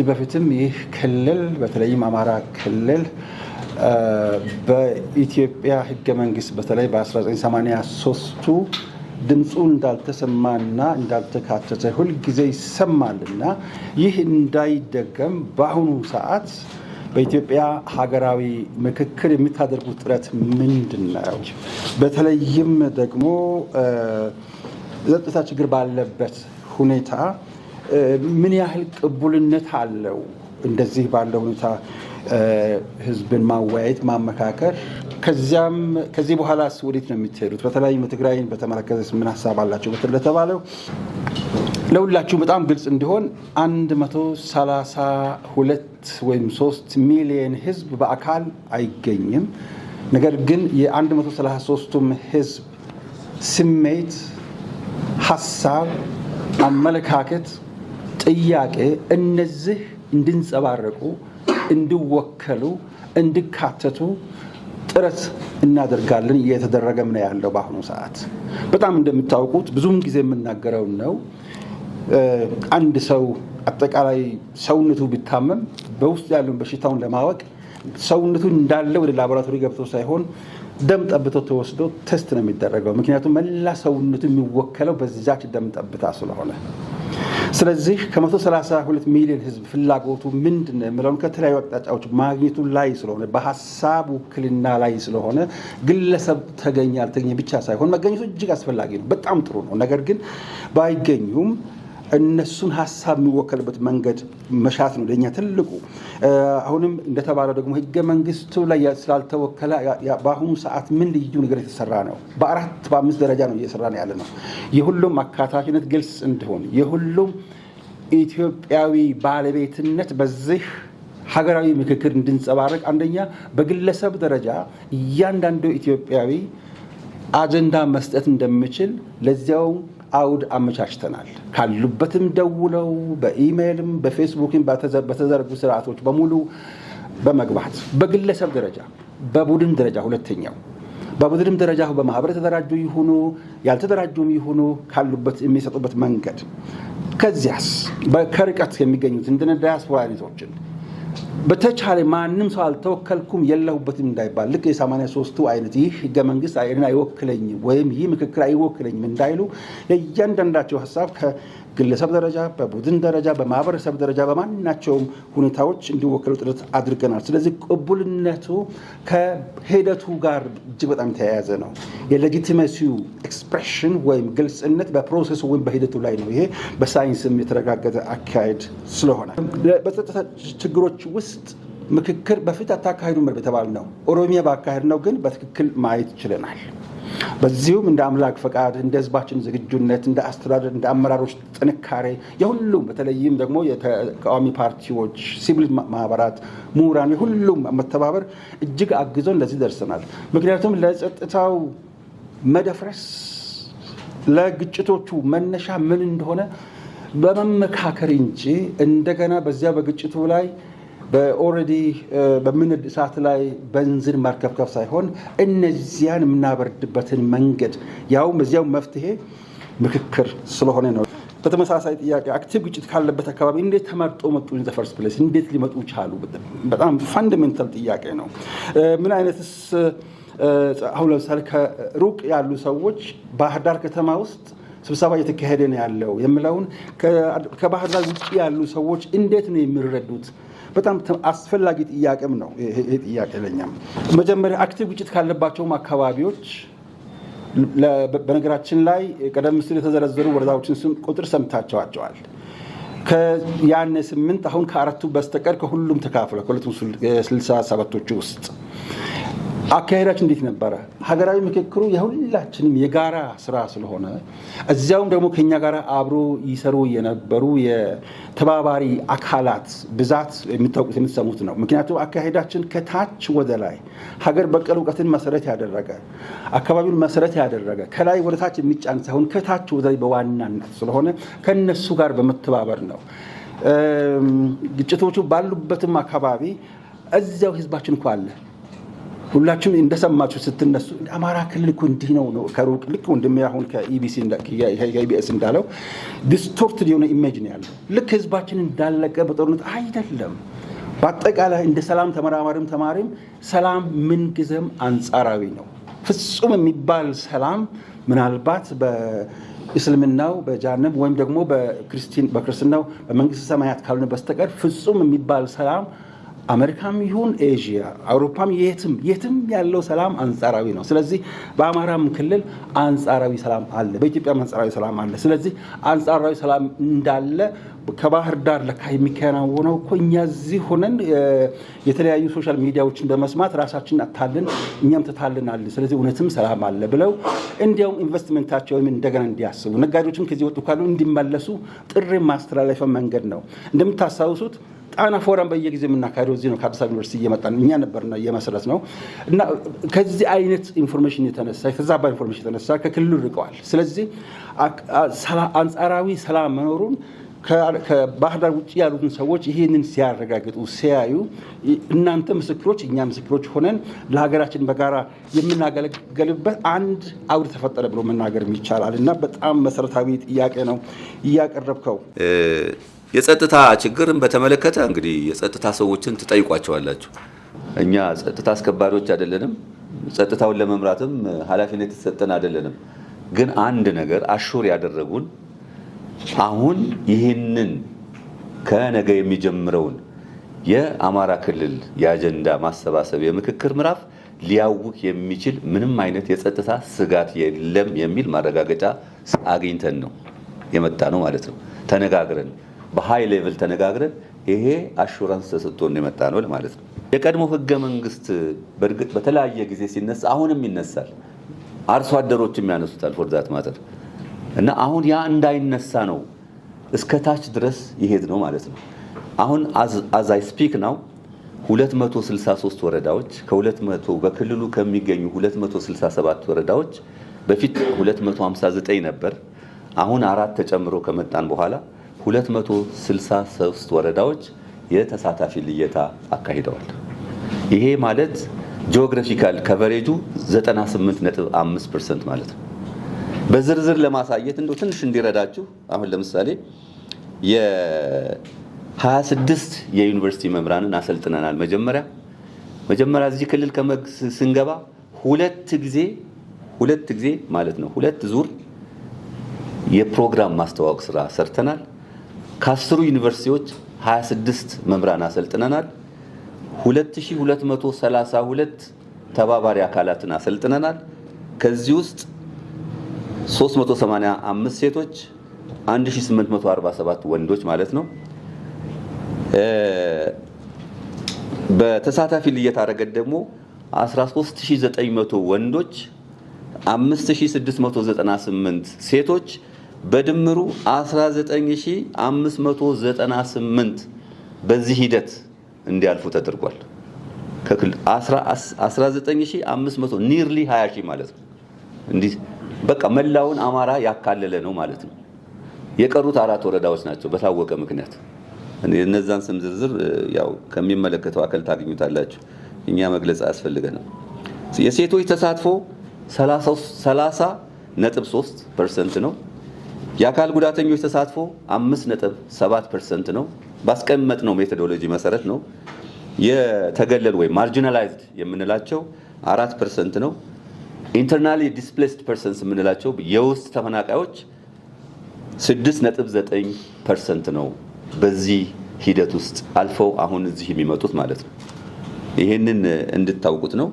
ከዚህ በፊትም ይህ ክልል በተለይም አማራ ክልል በኢትዮጵያ ህገ መንግስት በተለይ በ1983ቱ ድምፁ እንዳልተሰማና እንዳልተካተተ ሁልጊዜ ይሰማልና ይህ እንዳይደገም በአሁኑ ሰዓት በኢትዮጵያ ሀገራዊ ምክክር የምታደርጉት ጥረት ምንድን ነው? በተለይም ደግሞ ጸጥታ ችግር ባለበት ሁኔታ ምን ያህል ቅቡልነት አለው? እንደዚህ ባለ ሁኔታ ህዝብን ማወያየት ማመካከር፣ ከዚያም ከዚህ በኋላ ወዴት ነው የሚትሄዱት? በተለያዩ ትግራይን በተመለከተ ምን ሀሳብ አላቸው? በትል ለተባለው ለሁላችሁ በጣም ግልጽ እንዲሆን 132 ወይም 3 ሚሊየን ህዝብ በአካል አይገኝም። ነገር ግን የ133ቱም ህዝብ ስሜት፣ ሀሳብ፣ አመለካከት ጥያቄ እነዚህ እንድንጸባረቁ፣ እንዲወከሉ፣ እንዲካተቱ ጥረት እናደርጋለን። እየተደረገም ነው ያለው። በአሁኑ ሰዓት በጣም እንደምታውቁት ብዙም ጊዜ የምናገረውን ነው። አንድ ሰው አጠቃላይ ሰውነቱ ቢታመም በውስጡ ያለውን በሽታውን ለማወቅ ሰውነቱ እንዳለ ወደ ላቦራቶሪ ገብቶ ሳይሆን ደም ጠብቶ ተወስዶ ቴስት ነው የሚደረገው። ምክንያቱም መላ ሰውነቱ የሚወከለው በዛች ደም ጠብታ ስለሆነ ስለዚህ ከ132 ሚሊዮን ህዝብ ፍላጎቱ ምንድን ነው የምለውን ከተለያዩ አቅጣጫዎች ማግኘቱ ላይ ስለሆነ በሀሳብ ውክልና ላይ ስለሆነ ግለሰብ ተገኘ አልተገኘ ብቻ ሳይሆን መገኘቱ እጅግ አስፈላጊ ነው። በጣም ጥሩ ነው። ነገር ግን ባይገኙም እነሱን ሀሳብ የሚወከልበት መንገድ መሻት ነው ለእኛ ትልቁ። አሁንም እንደተባለው ደግሞ ህገ መንግስቱ ላይ ስላልተወከለ በአሁኑ ሰዓት ምን ልዩ ነገር የተሰራ ነው? በአራት በአምስት ደረጃ ነው እየሰራ ነው ያለ ነው። የሁሉም አካታችነት ግልጽ እንዲሆን የሁሉም ኢትዮጵያዊ ባለቤትነት በዚህ ሀገራዊ ምክክር እንድንጸባረቅ፣ አንደኛ በግለሰብ ደረጃ እያንዳንዱ ኢትዮጵያዊ አጀንዳ መስጠት እንደሚችል ለዚያው አውድ አመቻችተናል። ካሉበትም ደውለው በኢሜይልም በፌስቡክም በተዘረጉ ስርዓቶች በሙሉ በመግባት በግለሰብ ደረጃ በቡድን ደረጃ ሁለተኛው በቡድንም ደረጃ በማህበር የተደራጁ ይሁኑ ያልተደራጁም ይሁኑ ካሉበት የሚሰጡበት መንገድ ከዚያስ ከርቀት የሚገኙት እንደ ዳያስፖራ በተቻለ ማንም ሰው አልተወከልኩም የለሁበትም እንዳይባል ልክ የሰማንያ ሦስቱ አይነት ይህ ህገ መንግስት አይወክለኝም ወይም ይህ ምክክር አይወክለኝም እንዳይሉ የእያንዳንዳቸው ሀሳብ ግለሰብ ደረጃ፣ በቡድን ደረጃ፣ በማህበረሰብ ደረጃ በማናቸውም ሁኔታዎች እንዲወክሉ ጥረት አድርገናል። ስለዚህ ቅቡልነቱ ከሂደቱ ጋር እጅግ በጣም የተያያዘ ነው። የሌጂቲመሲው ኤክስፕሬሽን ወይም ግልጽነት በፕሮሰሱ ወይም በሂደቱ ላይ ነው። ይሄ በሳይንስም የተረጋገጠ አካሄድ ስለሆነ በጸጥታ ችግሮች ውስጥ ምክክር በፊት ምር በተባል ነው። ኦሮሚያ ባካሄድ ነው ግን በትክክል ማየት ችለናል። በዚሁም እንደ አምላክ ፈቃድ፣ እንደ ህዝባችን ዝግጁነት፣ እንደ አስተዳደር፣ እንደ አመራሮች ጥንካሬ የሁሉም በተለይም ደግሞ የተቃዋሚ ፓርቲዎች፣ ሲቪል ማህበራት፣ ምሁራን የሁሉም መተባበር እጅግ አግዞን እንደዚህ ደርሰናል። ምክንያቱም ለጸጥታው መደፍረስ ለግጭቶቹ መነሻ ምን እንደሆነ በመመካከር እንጂ እንደገና በዚያ በግጭቱ ላይ በኦልሬዲ በምንድ እሳት ላይ በንዝን መርከብከብ ሳይሆን እነዚያን የምናበርድበትን መንገድ ያውም እዚያው መፍትሄ ምክክር ስለሆነ ነው። በተመሳሳይ ጥያቄ አክቲቭ ግጭት ካለበት አካባቢ እንዴት ተመርጦ መጡ? ኢን ዘ ፈርስት ፕሌስ እንዴት ሊመጡ ቻሉ? በጣም ፋንደሜንታል ጥያቄ ነው። ምን አይነትስ አሁን ለምሳሌ ከሩቅ ያሉ ሰዎች ባህር ዳር ከተማ ውስጥ ስብሰባ እየተካሄደ ነው ያለው የምለውን ከባህር ዳር ውጭ ያሉ ሰዎች እንዴት ነው የሚረዱት በጣም አስፈላጊ ጥያቄም ነው ይሄ ጥያቄ ለኛም። መጀመሪያ አክቲቭ ግጭት ካለባቸውም አካባቢዎች በነገራችን ላይ ቀደም ሲል የተዘረዘሩ ወረዳዎችን ስም ቁጥር ሰምታቸዋቸዋል። ያኔ ስምንት አሁን ከአራቱ በስተቀር ከሁሉም ተካፍለ ከሁለት ስልሳ ሰባቶቹ ውስጥ አካሄዳችን እንዴት ነበረ? ሀገራዊ ምክክሩ የሁላችንም የጋራ ስራ ስለሆነ እዚያውም ደግሞ ከኛ ጋር አብሮ ይሰሩ የነበሩ የተባባሪ አካላት ብዛት የምታውቁት የምትሰሙት ነው። ምክንያቱም አካሄዳችን ከታች ወደ ላይ ሀገር በቀል እውቀትን መሰረት ያደረገ አካባቢውን መሰረት ያደረገ ከላይ ወደ ታች የሚጫን ሳይሆን ከታች ወደ ላይ በዋናነት ስለሆነ ከነሱ ጋር በመተባበር ነው። ግጭቶቹ ባሉበትም አካባቢ እዚያው ህዝባችን እኮ አለ ሁላችሁም እንደሰማችሁ ስትነሱ አማራ ክልል እኮ እንዲህ ነው ከሩቅ ልክ ወንድሜ አሁን ከኢቢኤስ እንዳለው ዲስቶርትድ የሆነ ኢሜጅ ነው ያለው። ልክ ህዝባችን እንዳለቀ በጦርነት አይደለም። በአጠቃላይ እንደ ሰላም ተመራማሪም ተማሪም ሰላም ምንጊዜም አንጻራዊ ነው። ፍጹም የሚባል ሰላም ምናልባት በእስልምናው በጃንም ወይም ደግሞ በክርስትናው በመንግስት ሰማያት ካልሆነ በስተቀር ፍጹም የሚባል ሰላም አሜሪካም ይሁን ኤዥያ አውሮፓም የትም የትም ያለው ሰላም አንጻራዊ ነው። ስለዚህ በአማራም ክልል አንጻራዊ ሰላም አለ፣ በኢትዮጵያም አንጻራዊ ሰላም አለ። ስለዚህ አንጻራዊ ሰላም እንዳለ ከባህር ዳር ለካ የሚከናወነው እኮ እኛ እዚህ ሆነን የተለያዩ ሶሻል ሚዲያዎችን በመስማት ራሳችን አታልን እኛም ትታልናል። ስለዚህ እውነትም ሰላም አለ ብለው እንዲያውም ኢንቨስትመንታቸውም እንደገና እንዲያስቡ ነጋዴዎችም ከዚህ ወጡ ካሉ እንዲመለሱ ጥሪ ማስተላለፊያ መንገድ ነው እንደምታስታውሱት ጣና ፎረም በየጊዜ የምናካሄደው እዚህ ነው። ከአዲስ አበባ ዩኒቨርሲቲ እየመጣ እኛ ነበርና እየመሰረት ነው እና ከዚህ አይነት ኢንፎርሜሽን የተነሳ የተዛባ ኢንፎርሜሽን የተነሳ ከክልሉ ርቀዋል። ስለዚህ አንጻራዊ ሰላም መኖሩን ከባህር ዳር ውጭ ያሉትን ሰዎች ይህንን ሲያረጋግጡ ሲያዩ እናንተ ምስክሮች እኛ ምስክሮች ሆነን ለሀገራችን በጋራ የምናገለገልበት አንድ አውድ ተፈጠረ ብሎ መናገር ይቻላል እና በጣም መሰረታዊ ጥያቄ ነው እያቀረብከው። የጸጥታ ችግርን በተመለከተ እንግዲህ የጸጥታ ሰዎችን ትጠይቋቸዋላችሁ። እኛ ጸጥታ አስከባሪዎች አይደለንም። ጸጥታውን ለመምራትም ኃላፊነት የተሰጠን አይደለንም። ግን አንድ ነገር አሹር ያደረጉን አሁን ይህንን ከነገ የሚጀምረውን የአማራ ክልል የአጀንዳ ማሰባሰብ የምክክር ምዕራፍ ሊያውቅ የሚችል ምንም አይነት የጸጥታ ስጋት የለም የሚል ማረጋገጫ አግኝተን ነው የመጣ ነው ማለት ነው ተነጋግረን በሀይ ሌቭል ተነጋግረን ይሄ አሹራንስ ተሰጥቶን የመጣ ነው ማለት ነው። የቀድሞ ህገ መንግስት በእርግጥ በተለያየ ጊዜ ሲነሳ አሁንም ይነሳል። አርሶ አደሮችም ያነሱታል ፎርዛት ማተር እና አሁን ያ እንዳይነሳ ነው እስከ ታች ድረስ ይሄድ ነው ማለት ነው። አሁን አይ ስፒክ ነው 263 ወረዳዎች ከ200 በክልሉ ከሚገኙ 267 ወረዳዎች በፊት 259 ነበር። አሁን አራት ተጨምሮ ከመጣን በኋላ 263 ወረዳዎች የተሳታፊ ልየታ አካሂደዋል። ይሄ ማለት ጂኦግራፊካል ከቨሬጁ 98.5% ማለት ነው። በዝርዝር ለማሳየት እንደው ትንሽ እንዲረዳችሁ አሁን ለምሳሌ የ26 የዩኒቨርሲቲ መምህራንን አሰልጥነናል። መጀመሪያ መጀመሪያ እዚህ ክልል ስንገባ ሁለት ጊዜ ሁለት ጊዜ ማለት ነው ሁለት ዙር የፕሮግራም ማስተዋወቅ ስራ ሰርተናል። ከአስሩ ዩኒቨርሲቲዎች 26 መምህራን አሰልጥነናል። 2232 ተባባሪ አካላትን አሰልጥነናል። ከዚህ ውስጥ 385 ሴቶች፣ 1847 ወንዶች ማለት ነው። በተሳታፊ ልየታ ረገድ ደግሞ 13900 ወንዶች፣ 5698 ሴቶች በድምሩ 19598 በዚህ ሂደት እንዲያልፉ ተደርጓል። ከክልል 19500 ኒርሊ 20 ሺህ ማለት ነው። እንዲህ በቃ መላውን አማራ ያካለለ ነው ማለት ነው። የቀሩት አራት ወረዳዎች ናቸው በታወቀ ምክንያት። እነዛን ስም ዝርዝር ያው ከሚመለከተው አካል ታገኙታላችሁ። እኛ መግለጽ አያስፈልገንም። የሴቶች ተሳትፎ 30 ነጥብ 3 ፐርሰንት ነው። የአካል ጉዳተኞች ተሳትፎ 5.7 ነው። ባስቀመጥ ነው ሜቶዶሎጂ መሰረት ነው። የተገለሉ ወይም ማርጂናላይዝድ የምንላቸው 4% ፐርሰንት ነው። ኢንተርናሊ ዲስፕሌስድ ፐርሰንስ የምንላቸው የውስጥ ተፈናቃዮች 6.9 ነው። በዚህ ሂደት ውስጥ አልፈው አሁን እዚህ የሚመጡት ማለት ነው። ይህንን እንድታውቁት ነው።